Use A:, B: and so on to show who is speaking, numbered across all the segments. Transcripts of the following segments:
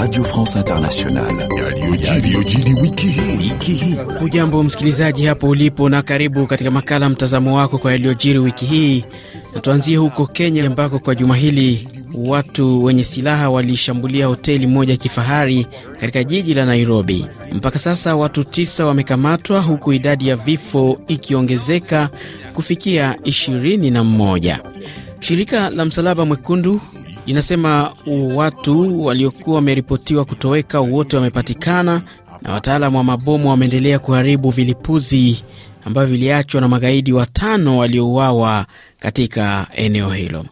A: Radio France Internationale.
B: Hujambo msikilizaji hapo ulipo, na karibu katika makala mtazamo wako kwa yaliyojiri wiki hii, na tuanzie huko Kenya ambako kwa juma hili watu wenye silaha walishambulia hoteli moja ya kifahari katika jiji la Nairobi. Mpaka sasa watu tisa wamekamatwa huku idadi ya vifo ikiongezeka kufikia ishirini na mmoja. Shirika la Msalaba Mwekundu inasema watu waliokuwa wameripotiwa kutoweka wote wamepatikana na wataalamu wa mabomu wameendelea kuharibu vilipuzi ambavyo viliachwa na magaidi watano waliouawa katika eneo hilo.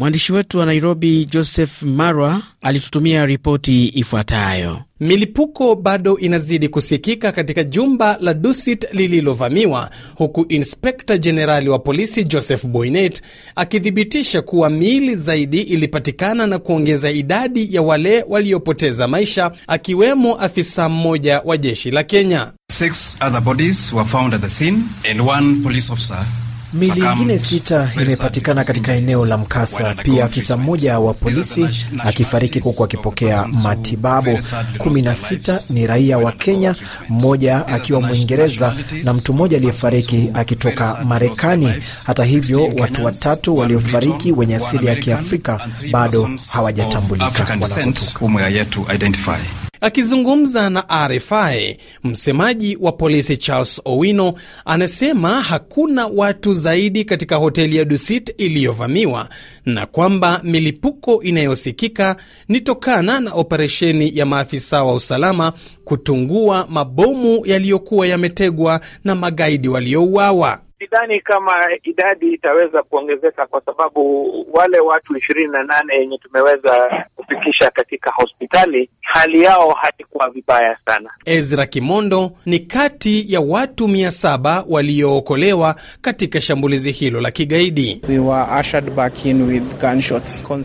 B: Mwandishi wetu wa Nairobi, Joseph Marwa, alitutumia ripoti ifuatayo.
A: Milipuko bado inazidi kusikika katika jumba la Dusit lililovamiwa, huku inspekta jenerali wa polisi Joseph Boynet akithibitisha kuwa miili zaidi ilipatikana na kuongeza idadi ya wale waliopoteza maisha, akiwemo afisa mmoja wa jeshi la Kenya. Six other bodies were found at the scene and one police officer Mili ingine sita imepatikana katika eneo la mkasa. Pia afisa mmoja wa polisi akifariki huku akipokea matibabu. kumi na sita ni raia wa Kenya, mmoja akiwa Mwingereza na mtu mmoja aliyefariki akitoka Marekani. Hata hivyo, watu watatu waliofariki wenye asili ya Kiafrika bado hawajatambulika wanakotoka. Akizungumza na RFI, msemaji wa polisi Charles Owino anasema hakuna watu zaidi katika hoteli ya Dusit iliyovamiwa na kwamba milipuko inayosikika ni tokana na operesheni ya maafisa wa usalama kutungua mabomu yaliyokuwa yametegwa na magaidi waliouawa
C: sidhani kama idadi itaweza kuongezeka kwa sababu wale watu ishirini na nane yenye tumeweza kufikisha katika hospitali hali yao haikuwa vibaya sana.
A: Ezra Kimondo ni kati ya watu mia saba waliookolewa katika shambulizi hilo la kigaidi.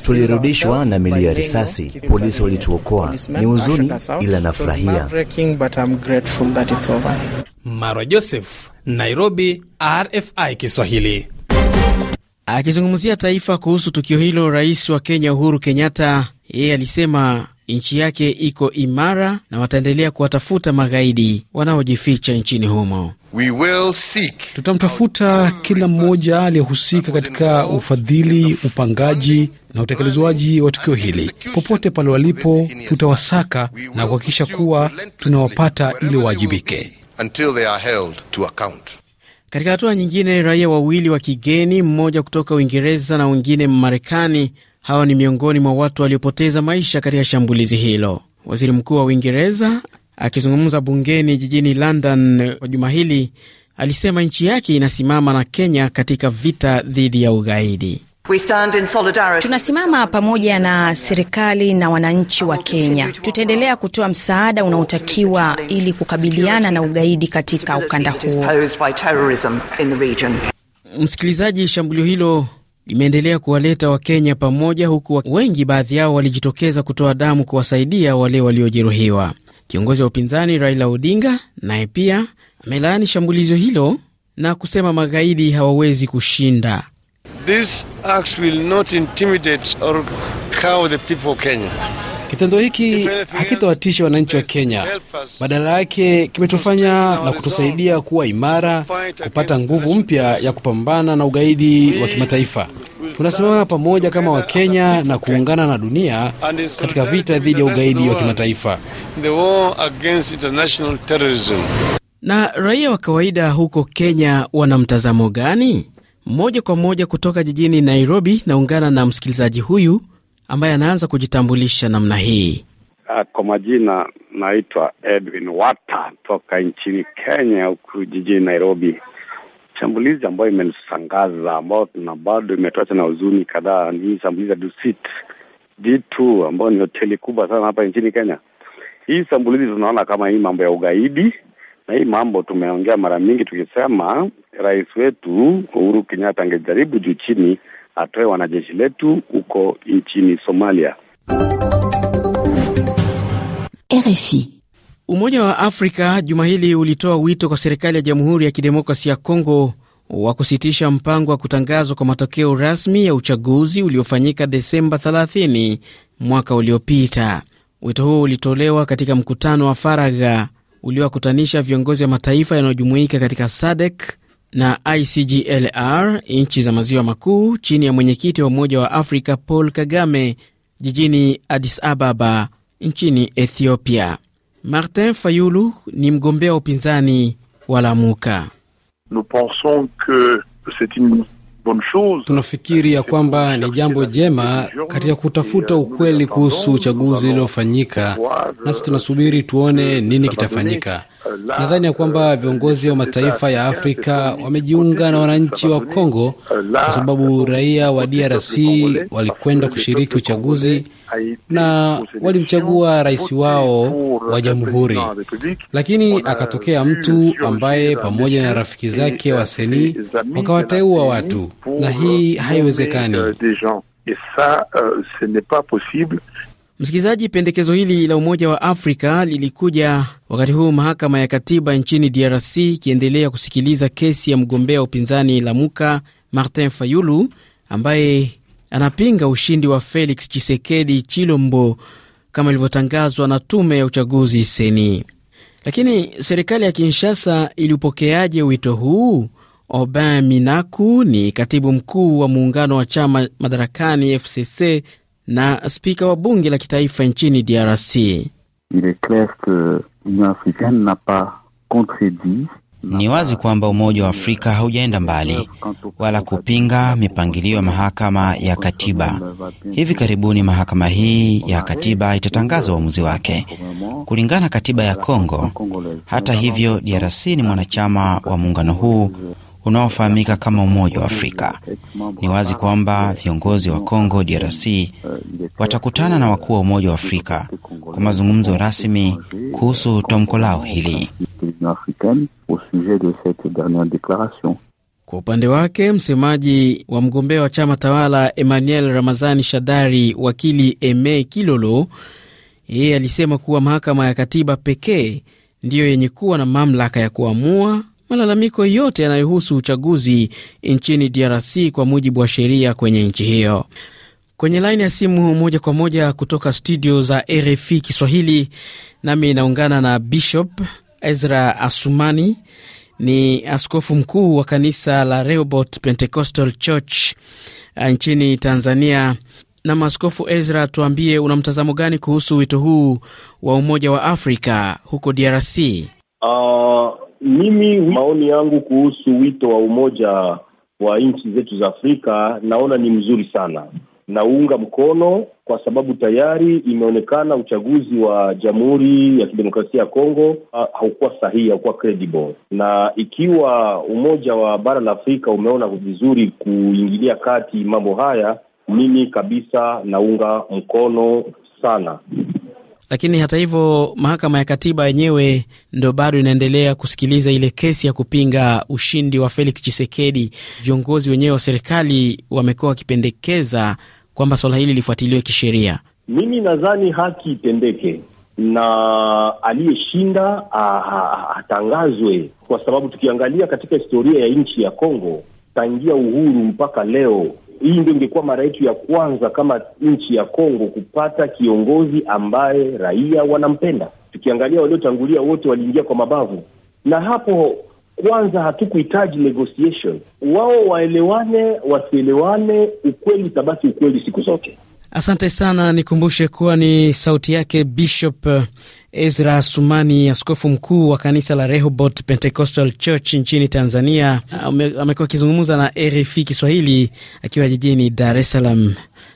D: Tulirudishwa na mili ya risasi, polisi walituokoa. Ni huzuni, ila nafurahia.
A: Marwa Joseph, Nairobi, RFI Kiswahili.
B: Akizungumzia taifa kuhusu tukio hilo, rais wa Kenya Uhuru Kenyatta yeye alisema nchi yake iko imara na wataendelea kuwatafuta magaidi wanaojificha nchini humo.
A: Tutamtafuta kila mmoja aliyehusika katika ufadhili, upangaji na utekelezwaji wa tukio hili. Popote pale walipo, tutawasaka na kuhakikisha kuwa tunawapata ili waajibike until they are held to account.
B: Katika hatua nyingine, raia wawili wa kigeni, mmoja kutoka Uingereza na wengine Marekani, hawa ni miongoni mwa watu waliopoteza maisha katika shambulizi hilo. Waziri Mkuu wa Uingereza akizungumza bungeni jijini London kwa juma hili alisema nchi yake inasimama na Kenya katika vita dhidi ya ugaidi.
C: We stand in solidarity.
E: Tunasimama pamoja na serikali na wananchi wa Kenya. Tutaendelea kutoa msaada unaotakiwa ili kukabiliana na ugaidi katika ukanda huo.
B: Msikilizaji, shambulio hilo limeendelea kuwaleta Wakenya pamoja, huku wengi, baadhi yao walijitokeza kutoa damu kuwasaidia wale waliojeruhiwa. Kiongozi wa upinzani Raila Odinga naye pia amelaani shambulizo hilo na kusema magaidi hawawezi kushinda.
C: These acts will not intimidate or cow the people of Kenya.
A: Kitendo hiki hakitawatisha wananchi wa Kenya, badala yake kimetufanya na kutusaidia kuwa imara, kupata nguvu mpya ya kupambana na ugaidi wa kimataifa. Tunasimama pamoja kama Wakenya na kuungana na dunia katika vita dhidi ya ugaidi wa kimataifa.
B: Na raia wa kawaida huko Kenya wana mtazamo gani? Moja kwa moja kutoka jijini Nairobi, naungana na msikilizaji huyu ambaye anaanza kujitambulisha namna hii.
C: Ah, kwa majina naitwa Edwin Wata toka nchini Kenya, huku jijini Nairobi. Shambulizi ambayo imesangaza ambayo tuna bado imetuacha na huzuni kadhaa ni hii shambulizi ya Dusit D2 ambayo ni hoteli kubwa sana hapa nchini Kenya. Hii shambulizi tunaona kama hii mambo ya ugaidi na hii mambo tumeongea mara mingi tukisema rais wetu Uhuru Kenyatta angejaribu juu chini atoe wanajeshi letu huko nchini Somalia.
B: RFI. Umoja wa Afrika juma hili ulitoa wito kwa serikali ya Jamhuri ya kidemokrasi ya congo wa kusitisha mpango wa kutangazwa kwa matokeo rasmi ya uchaguzi uliofanyika Desemba 30 mwaka uliopita. Wito huo ulitolewa katika mkutano wa faragha uliowakutanisha viongozi wa mataifa yanayojumuika katika SADC na ICGLR, nchi za maziwa makuu, chini ya mwenyekiti wa Umoja wa Afrika Paul Kagame jijini Addis Ababa nchini Ethiopia. Martin Fayulu ni mgombea wa upinzani wa Lamuka. Nous
C: pensons que c'est une
A: Tunafikiri ya kwamba ni jambo jema katika kutafuta ukweli kuhusu uchaguzi uliofanyika, nasi tunasubiri tuone nini kitafanyika. Nadhani ya kwamba viongozi wa mataifa ya Afrika wamejiunga na wananchi wa Kongo kwa sababu raia wa DRC walikwenda kushiriki uchaguzi na walimchagua rais wao wa jamhuri, lakini akatokea mtu ambaye pamoja na rafiki zake wa seni wakawateua watu, na hii haiwezekani. Euh,
B: Msikilizaji, pendekezo hili la Umoja wa Afrika lilikuja wakati huu mahakama ya katiba nchini DRC ikiendelea kusikiliza kesi ya mgombea wa upinzani Lamuka Martin Fayulu ambaye anapinga ushindi wa Felix chisekedi Chilombo kama ilivyotangazwa na tume ya uchaguzi seni. Lakini serikali ya Kinshasa iliupokeaje wito huu? Aubin Minaku ni katibu mkuu wa muungano wa chama madarakani FCC na spika wa bunge la kitaifa nchini DRC.
E: Ni wazi kwamba Umoja wa Afrika haujaenda mbali wala kupinga mipangilio ya mahakama ya katiba. Hivi karibuni mahakama hii ya katiba itatangaza uamuzi wake kulingana katiba ya Kongo. Hata hivyo, DRC ni mwanachama wa muungano huu unaofahamika kama Umoja wa Afrika. Ni wazi kwamba viongozi wa Kongo DRC watakutana na wakuu wa Umoja wa Afrika kwa mazungumzo rasmi kuhusu tamko lao hili. Kwa
B: upande wake msemaji wa mgombea wa chama tawala Emmanuel Ramazani Shadari, wakili Eme Kilolo, yeye alisema kuwa mahakama ya katiba pekee ndiyo yenye kuwa na mamlaka ya kuamua malalamiko yote yanayohusu uchaguzi nchini DRC kwa mujibu wa sheria kwenye nchi hiyo. Kwenye laini ya simu moja kwa moja kutoka studio za RFI Kiswahili, nami inaungana na Bishop Ezra Asumani, ni askofu mkuu wa kanisa la Rehoboth Pentecostal Church uh, nchini Tanzania. Na maskofu Ezra, tuambie una mtazamo gani kuhusu wito huu wa Umoja wa Afrika huko DRC?
C: Uh, mimi maoni yangu kuhusu wito wa umoja wa nchi zetu za Afrika naona ni mzuri sana, naunga mkono kwa sababu tayari imeonekana uchaguzi wa Jamhuri ya Kidemokrasia ya Kongo ah, haukuwa sahihi, haukuwa credible. Na ikiwa umoja wa bara la Afrika umeona vizuri kuingilia kati mambo haya, mimi kabisa naunga mkono sana
B: lakini hata hivyo, mahakama ya katiba yenyewe ndo bado inaendelea kusikiliza ile kesi ya kupinga ushindi wa Felix Chisekedi. Viongozi wenyewe wa serikali wamekuwa wakipendekeza kwamba swala hili lifuatiliwe kisheria.
C: Mimi nadhani haki itendeke na aliyeshinda atangazwe, kwa sababu tukiangalia katika historia ya nchi ya Kongo tangia uhuru mpaka leo hii ndio ingekuwa mara yetu ya kwanza kama nchi ya Kongo kupata kiongozi ambaye raia wanampenda. Tukiangalia waliotangulia wote waliingia kwa mabavu, na hapo kwanza hatukuhitaji negotiation. Wao waelewane, wasielewane, ukweli utabaki ukweli siku zote.
B: Asante sana, nikumbushe kuwa ni sauti yake Bishop Ezra Sumani, askofu mkuu wa kanisa la Rehoboth Pentecostal Church nchini Tanzania, amekuwa akizungumza na RFI Kiswahili akiwa jijini Dar es Salaam,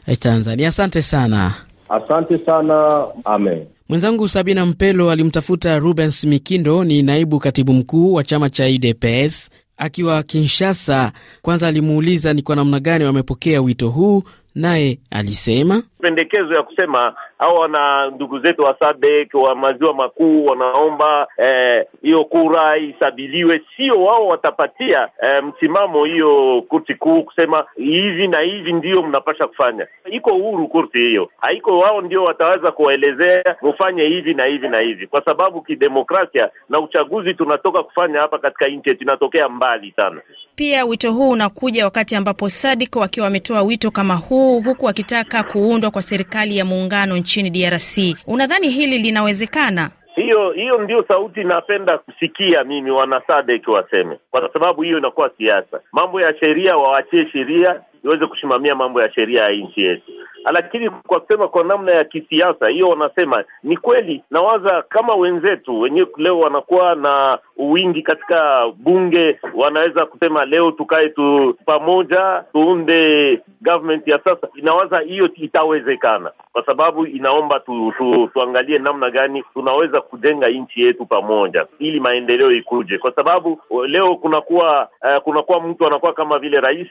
B: eh, Tanzania. Asante sana. Asante sana. Amen. Mwenzangu Sabina Mpelo alimtafuta Rubens Mikindo, ni naibu katibu mkuu wa chama cha UDPS akiwa Kinshasa. Kwanza alimuuliza ni kwa namna gani wamepokea wito huu naye alisema
F: pendekezo ya kusema au wana ndugu zetu wa SADC wa maziwa makuu wanaomba eh, hiyo eh, kura isabiliwe, sio wao watapatia eh, msimamo hiyo kurti kuu kusema hivi na hivi ndio mnapasha kufanya. Iko huru kurti hiyo, haiko wao ndio wataweza kuwaelezea mufanye hivi na hivi na hivi, kwa sababu kidemokrasia na uchaguzi tunatoka kufanya hapa katika nchi yetu inatokea mbali sana
E: pia wito huu unakuja wakati ambapo sadik wakiwa wametoa wito kama huu, huku wakitaka kuundwa kwa serikali ya muungano nchini DRC. Unadhani hili linawezekana?
F: Hiyo hiyo ndio sauti napenda kusikia mimi, wanasadek waseme, kwa sababu hiyo inakuwa siasa. Mambo ya sheria wawachie sheria iweze kusimamia mambo ya sheria ya nchi yetu lakini kwa kusema kwa namna ya kisiasa hiyo, wanasema ni kweli. Nawaza kama wenzetu wenyewe leo wanakuwa na wingi katika bunge, wanaweza kusema leo tukae tu pamoja, tuunde government ya sasa. Inawaza hiyo itawezekana, kwa sababu inaomba tu, tu, tuangalie namna gani tunaweza kujenga nchi yetu pamoja, ili maendeleo ikuje, kwa sababu eh, leo kunakuwa uh, kunakuwa mtu anakuwa kama vile rais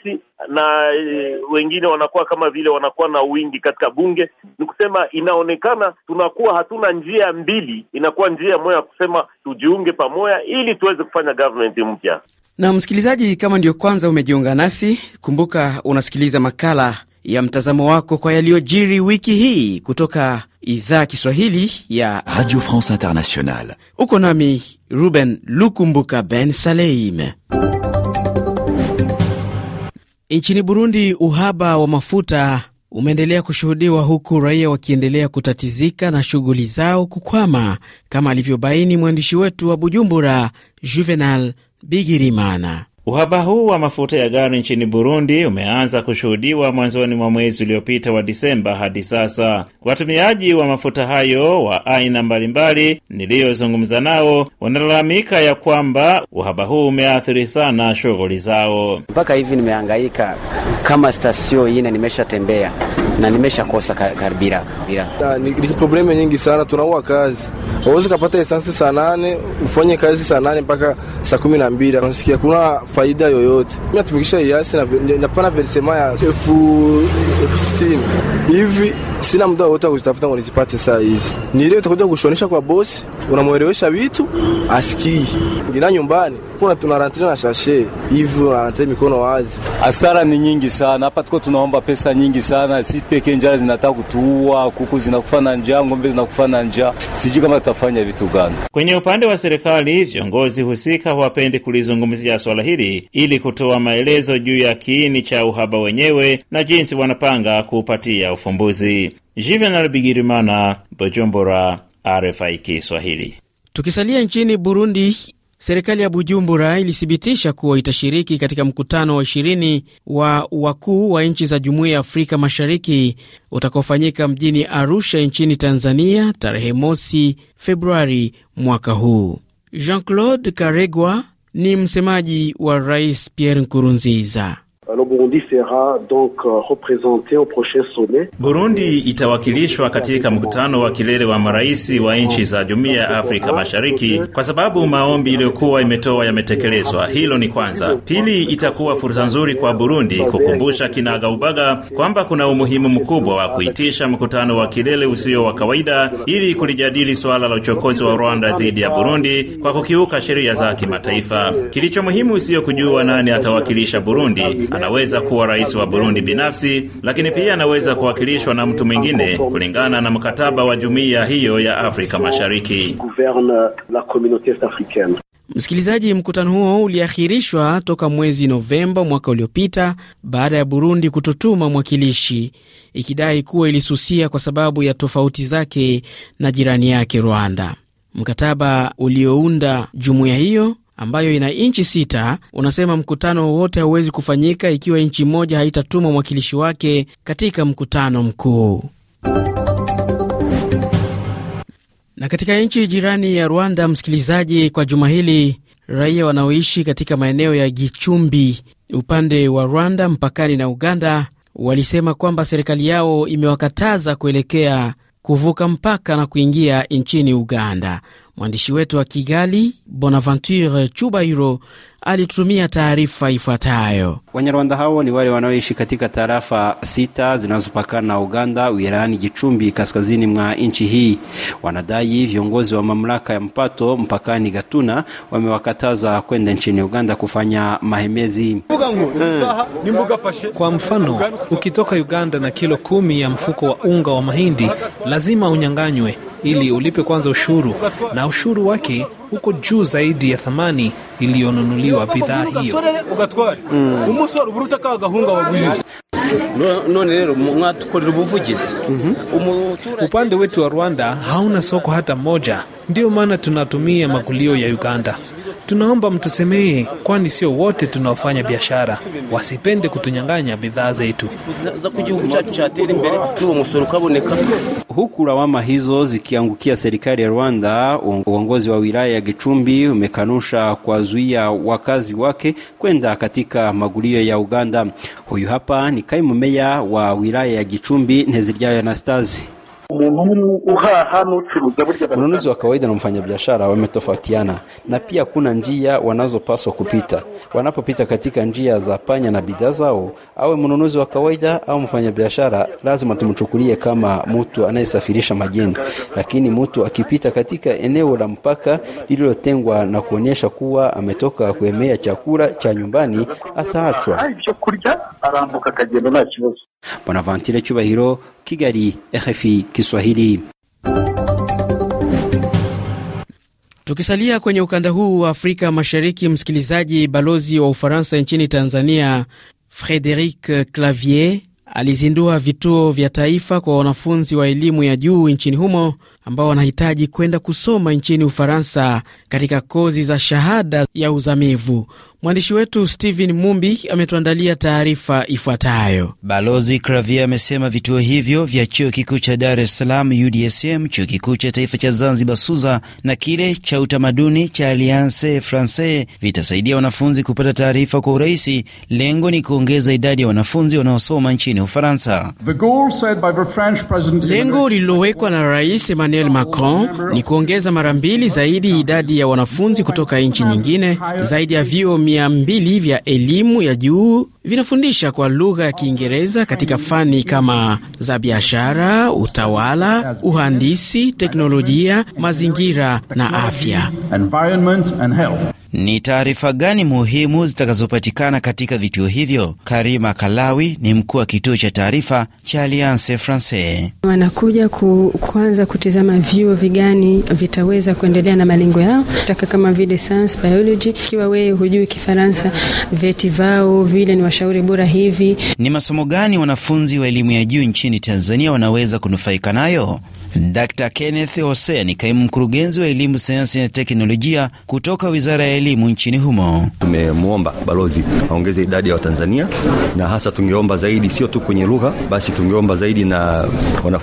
F: na uh, wengine wanakuwa kama vile wanakuwa na wingi wingi katika bunge. Ni kusema inaonekana tunakuwa hatuna njia mbili, inakuwa njia moja ya kusema tujiunge pamoja ili tuweze kufanya government mpya.
B: Na msikilizaji, kama ndiyo kwanza umejiunga nasi, kumbuka unasikiliza makala ya mtazamo wako kwa yaliyojiri wiki hii kutoka idhaa Kiswahili
E: ya Radio France
B: Internationale. Uko nami Ruben Lukumbuka Ben Saleim. Nchini Burundi, uhaba wa mafuta umeendelea kushuhudiwa huku raia wakiendelea kutatizika na shughuli zao kukwama, kama alivyobaini mwandishi wetu wa Bujumbura, Juvenal Bigirimana.
G: Uhaba huu wa mafuta ya gari nchini Burundi umeanza kushuhudiwa mwanzoni mwa mwezi uliopita wa Disemba hadi sasa. Watumiaji wa mafuta hayo wa aina mbalimbali niliyozungumza nao wanalalamika ya kwamba uhaba huu umeathiri sana shughuli
E: zao. Mpaka hivi nimehangaika, kama stasio ine nimeshatembea na nimesha kosa karibira bila.
A: Ni, ni probleme nyingi sana, tunaua kazi. Uweze kupata essence saa nane ufanye kazi saa nane mpaka saa kumi na mbili nasikia kuna faida yoyote. Mimi natumikisha yasi na napana versema ya elfu sitini hivi sina muda wote wa kuzitafuta ngo nizipate saa hizi. Ni ile utakuja kushonesha kwa bosi, unamwelewesha vitu asikii. Ngina nyumbani kuna tunarantire na shashe
D: hivi, unarantire mikono wazi. Hasara ni nyingi sana hapa, tuko tunaomba pesa nyingi sana, si peke njara zinataka kutuua, kuku zinakufa na njaa, ng'ombe zinakufa na njaa, sijui kama tutafanya vitu gani. Kwenye upande wa serikali, viongozi
G: husika hawapendi kulizungumzia swala hili ili kutoa maelezo juu ya kiini cha uhaba wenyewe na jinsi wanapanga kuupatia ufumbuzi. Juvenal Bujumbura, RFI Kiswahili.
B: Tukisalia nchini Burundi, serikali ya Bujumbura ilithibitisha kuwa itashiriki katika mkutano wa ishirini wa wakuu wa nchi za Jumuiya ya Afrika Mashariki utakaofanyika mjini Arusha nchini Tanzania tarehe mosi Februari mwaka huu. Jean Claude Karegwa ni msemaji wa Rais Pierre Nkurunziza. Euh, le Burundi sera donc euh, représenté au prochain sommet. Burundi
G: itawakilishwa katika mkutano wa kilele wa marais wa nchi za Jumuiya ya Afrika Mashariki kwa sababu maombi iliyokuwa imetoa yametekelezwa. Hilo ni kwanza. Pili, itakuwa fursa nzuri kwa Burundi kukumbusha kinagaubaga kwamba kuna umuhimu mkubwa wa kuitisha mkutano wa kilele usio wa kawaida ili kulijadili suala la uchokozi wa Rwanda dhidi ya Burundi kwa kukiuka sheria za kimataifa. Kilicho muhimu sio kujua nani atawakilisha Burundi anaweza kuwa rais wa Burundi binafsi, lakini pia anaweza kuwakilishwa na mtu mwingine kulingana na mkataba wa jumuiya hiyo ya Afrika Mashariki.
B: Msikilizaji, mkutano huo uliahirishwa toka mwezi Novemba mwaka uliopita baada ya Burundi kutotuma mwakilishi ikidai kuwa ilisusia kwa sababu ya tofauti zake na jirani yake Rwanda. Mkataba uliounda jumuiya hiyo ambayo ina nchi sita, unasema mkutano wowote hauwezi kufanyika ikiwa nchi moja haitatuma mwakilishi wake katika mkutano mkuu. Na katika nchi jirani ya Rwanda, msikilizaji, kwa juma hili raia wanaoishi katika maeneo ya Gichumbi upande wa Rwanda mpakani na Uganda walisema kwamba serikali yao imewakataza kuelekea kuvuka mpaka na kuingia nchini Uganda. Mwandishi wetu wa Kigali, Bonaventure Chubairo, alitutumia taarifa ifuatayo.
D: Wanyarwanda hao ni wale wanaoishi katika tarafa sita zinazopakana na Uganda wilayani Gicumbi, kaskazini mwa nchi hii. Wanadai viongozi wa mamlaka ya mpato mpakani Gatuna wamewakataza kwenda nchini Uganda kufanya mahemezi. Kwa mfano, ukitoka Uganda na kilo kumi
A: ya mfuko wa unga wa mahindi lazima unyang'anywe ili ulipe kwanza ushuru, na ushuru wake uko juu zaidi ya thamani iliyonunuliwa bidhaa hiyo. Mm. None rero mwatukorera ubuvugizi. Mhm. Upande wetu wa Rwanda hauna soko hata moja, ndiyo maana tunatumia magulio ya Uganda. Tunaomba mtusamehe, kwani sio wote tunaofanya biashara. Wasipende kutunyang'anya bidhaa zetu.
D: Huku lawama hizo zikiangukia serikali ya Rwanda, uongozi wa wilaya ya Gicumbi umekanusha kuwazuia wakazi wake kwenda katika magulio ya Uganda. Huyu hapa ni kaimu meya wa wilaya ya Gicumbi, Nteziryayo Anastasi. Mnunuzi umwe uhaha wa kawaida na mfanyabiashara wametofautiana na pia kuna njia wanazopaswa kupita wanapopita katika njia za panya na bidhaa zao awe mnunuzi wa kawaida au mfanyabiashara lazima tumchukulie kama mtu anayesafirisha majeni lakini mtu akipita katika eneo la mpaka lililotengwa na kuonyesha kuwa ametoka kuemea chakula cha nyumbani ataachwa bonaventure cyubahiro kigali rfi kiswahili
B: Tukisalia kwenye ukanda huu wa Afrika Mashariki, msikilizaji, balozi wa Ufaransa nchini Tanzania Frederic Clavier alizindua vituo vya taifa kwa wanafunzi wa elimu ya juu nchini humo ambao wanahitaji kwenda kusoma nchini Ufaransa katika kozi za shahada ya uzamivu. Mwandishi wetu stephen
E: Mumbi ametuandalia taarifa ifuatayo. Balozi Cravier amesema vituo hivyo vya chuo kikuu cha Dar es Salaam UDSM, chuo kikuu cha taifa cha Zanzibar SUZA na kile cha utamaduni cha Alliance Francaise vitasaidia wanafunzi kupata taarifa kwa urahisi. Lengo ni kuongeza idadi ya wanafunzi wanaosoma nchini Ufaransa. Lengo
B: lililowekwa na Rais Emmanuel Emmanuel Macron ni kuongeza mara mbili zaidi idadi ya wanafunzi kutoka nchi nyingine. Zaidi ya vyuo mia mbili vya elimu ya juu vinafundisha kwa lugha ya Kiingereza katika fani kama za biashara, utawala, uhandisi, teknolojia, mazingira
E: na afya. Ni taarifa gani muhimu zitakazopatikana katika vituo hivyo? Karima Kalawi ni mkuu wa kituo cha taarifa cha Alliance Francaise.
B: Wanakuja ku, kuanza kutizama vyuo vigani vitaweza kuendelea na malengo yao taka kama vile science, biology. Ikiwa wewe hujui Kifaransa, veti vao vile ni washauri bora hivi.
E: Ni masomo gani wanafunzi wa elimu ya juu nchini Tanzania wanaweza kunufaika nayo? Dr. Kenneth Hosea ni kaimu mkurugenzi wa elimu, sayansi na teknolojia kutoka Wizara ya Elimu nchini humo.
C: Tumemwomba balozi aongeze idadi ya Watanzania na hasa tungeomba zaidi, sio tu kwenye lugha basi, tungeomba zaidi na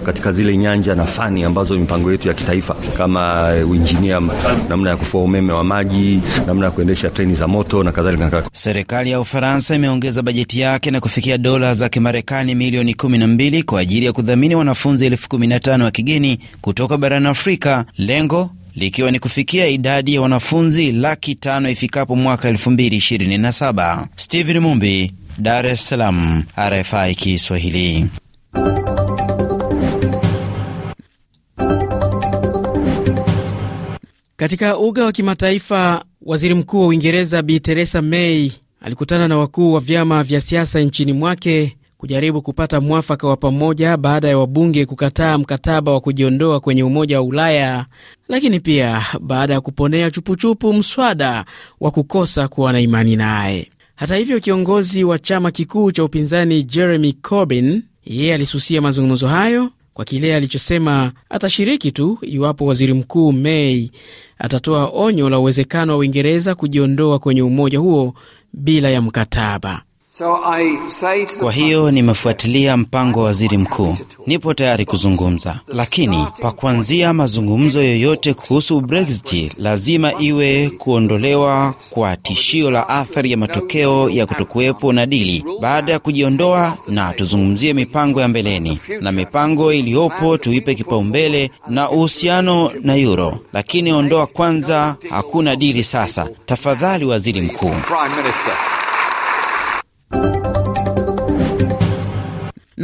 C: katika zile nyanja na fani ambazo mipango yetu ya kitaifa kama uinjinia, namna ya kufua umeme wa maji, namna ya kuendesha treni za moto na kadhalika.
E: Serikali ya Ufaransa imeongeza bajeti yake na kufikia dola za Kimarekani milioni mbili kwa ajili ya kudhamini wanafunzi elfu kumi na tano wa kigeni mjini kutoka barani Afrika, lengo likiwa ni kufikia idadi ya wanafunzi laki tano ifikapo mwaka saba. Steven Mumbi, Dar es Salaam, RFI Kiswahili.
B: Katika uga wa kimataifa, waziri mkuu wa Uingereza Bi Teresa May alikutana na wakuu wa vyama vya siasa nchini mwake kujaribu kupata mwafaka wa pamoja baada ya wabunge kukataa mkataba wa kujiondoa kwenye Umoja wa Ulaya, lakini pia baada ya kuponea chupuchupu mswada wa kukosa kuwa na imani naye. Hata hivyo, kiongozi wa chama kikuu cha upinzani Jeremy Corbyn yeye alisusia mazungumzo hayo kwa kile alichosema atashiriki tu iwapo waziri mkuu May atatoa onyo la uwezekano wa Uingereza kujiondoa kwenye umoja huo bila ya
E: mkataba. Kwa hiyo nimefuatilia mpango wa waziri mkuu, nipo tayari kuzungumza, lakini pa kuanzia mazungumzo yoyote kuhusu Brexit lazima iwe kuondolewa kwa tishio la athari ya matokeo ya kutokuwepo na dili. Baada ya kujiondoa, na tuzungumzie mipango ya mbeleni, na mipango iliyopo tuipe kipaumbele na uhusiano na Euro, lakini ondoa kwanza, hakuna dili sasa. Tafadhali waziri mkuu.